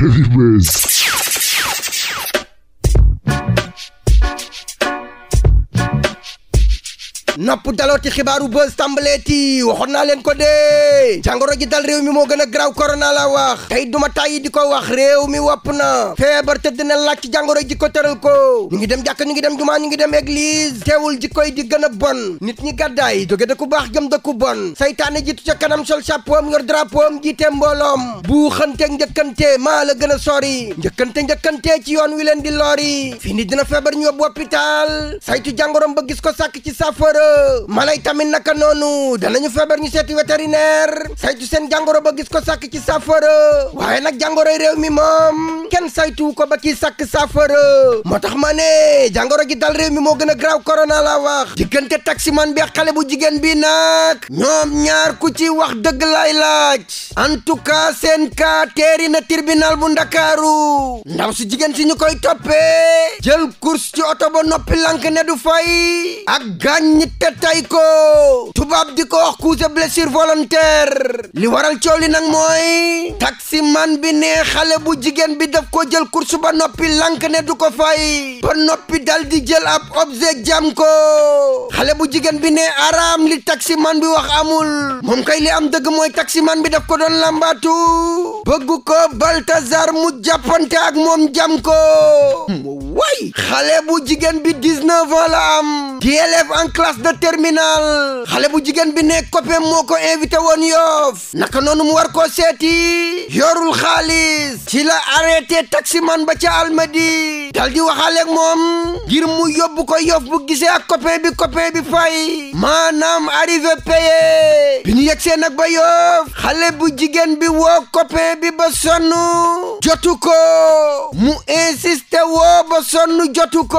Heavy Waves. nopp dalooti xibaaru buzz tàmbaleeti waxoon naa leen ko dee jàngoro ji dal réew mi moo gën a graw korona la wax tey duma tàyyi di ko wax réew mi wopp na feebar tëdd na laaj jàngoro ji ko tëral ko ñu ngi dem jàkk ñu ngi dem jumaa ñu ngi dem église teewul ji koy di gën a bon nit ñi gàddaay jóge dëkku baax jëm dëkku bon saytaane jiitu ca kanam sol chapeau am yor drapeau am jiite mbooloom bu xënteeg njëkkante maa la gën a sori njëkkante njëkkante ci yoon wi leen di lori fii ni dina feebar ñu yóbbu hôpital saytu jàngoroom ba gis ko sàkk ci safara mala yi tamit naka noonu danañu feebar ñu seeti vétérinaire saytu seen jàngoro ba gis ko sàkk ci saafara waaye nag jàngoroy réew mi moom kenn saytu ko ba kii sàkk saafara moo tax ma ne jàngoro gi dal réew mi moo gën a graaw corona laa wax diggante taximan bi xale bu jigéen bi nag ñoom ñaar ku ci wax dëgg laay laaj en tout cas seen cas teeri na tribunal bu ndakaaru ndaw si jigéen si ñu koy jël course ci oto ba noppi lank ne du fay te tay ko tubaab di ko wax coups et blessure volontaire li waral coow li nag mooy man bi ne xale bu jigéen bi daf ko jël course ba noppi lank ne du ko fay ba noppi dal di jël ab objet jam ko xale bu jigéen bi ne araam li taximan bi wax amul moom kay li am dëgg mooy man bi daf ko doon lambatu bëgg ko Baltazar mu jàppante ak moom jam ko way xale bu jigéen bi 19 am di élève en classe de terminal xale bu jigéen bi ne copain moo ko invité yoof naka noonu war koo seeti yorul xaalis ci la arrêté taximan ba ca almadi dal di waxaale moom ngir mu yóbbu ko yoof bu gisee ak copain bi copain bi fay maanaam arrivé payé bi ñu yegsee nag ba yoof xale bu jigéen bi woo copain bi ba sonn jotu ko mu insiste woo ba sonn jotu ko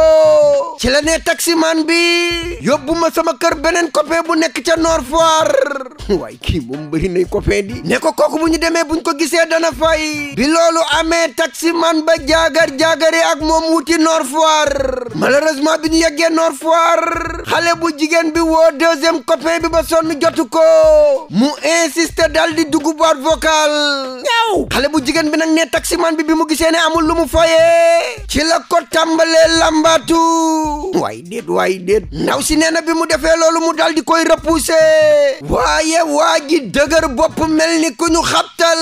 ci la ne man bi yóbbu ma sama kër beneen copain bu nekk ca noor Foire waaye kii moom bëri nay copain di ne ko kooku bu ñu demee buñ ko gisee dana fay bi loolu amee man ba jaagar jaagare ak moom wuti Nord Foire malheureusement bi ñu yeggee noor Foire xale bu jigéen bi woo deuxième copain bi ba sonn jotu ko mu insister dal di dugg boîte vocale ñaaw xale bu jigéen bi nag ne man bi bi mu gisee ne amul lu mu fayee ci la ko tàmbalee lambatu waay déet waay si nee na bi mu defee loolu mu dal di koy repoussé waaye waa dëgër bopp mel ni ku ñu xabtal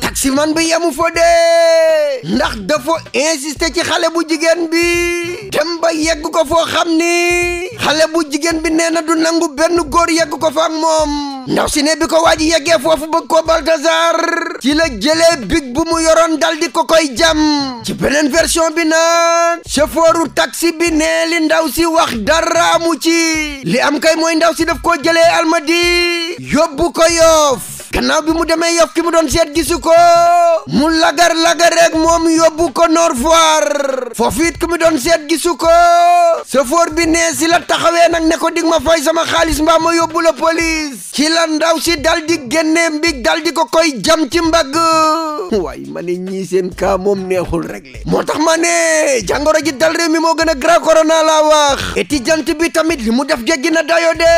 taximan bi yamu fa dee ndax dafa insister ci xale bu jigéen bi dem ba ko foo xam ni xale bu jigéen bi nee na du nangu benn góor yeggu ko fa moom ndaw si ne bi ko waa ji yeggee foofu bëgg ko Balthazar ci la jëlee big bu mu yoroon dal di ko koy jam ci beneen version bi naan chauffeuru taxi bi ne li ndaw si wax dara mu ci li am kay mooy ndaw si def koo jëlee almadi yóbbu ko yoof yof gannaaw bi mu demee yof ki mu doon seet gisu ko mu lagar lagar rek moom yóbbu ko Nord Foire foofu it ki mu doon seet gisu ko sëfoor bi nee si la taxawee nag ne ko dig ma fay sama xaalis mbaa ma yóbbu la police ci la ndaw si dal di génnee mbig dal di ko koy jam ci mbagg waaye ma ne ñii seen kaa moom neexul réglé moo tax ma ne jàngoro ji dal réew mi moo gën a grand corona laa wax étudiant bi tamit li mu def jéggi na dayo de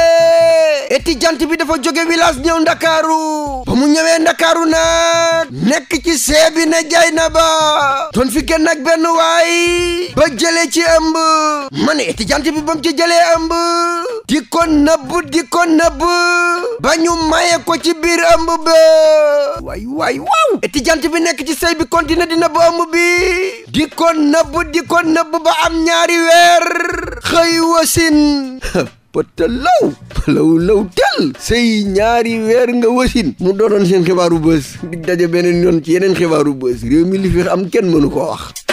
étudiant bi dafa jóge village ñëw ndakaaru ba mu ñëwee ndakaaru nag nekk ci seebi ne jaay na ba doon fi génn ak benn waay ba jëlee ci ëmb ma ne étudiant bi ba mu ci jëlee ëmb di ko nëbb di ko nëbb ba ci biir ëmb ba waay bi nekk ci sëy bi continué di nëbb am ñaari weer xëy wasin law law tel sëy ñaari weer nga wasin mu doon doonoon seen xibaaru bës di daje beneen yoon ci yeneen xibaaru bës réew mi li fi am kenn mënu ko wax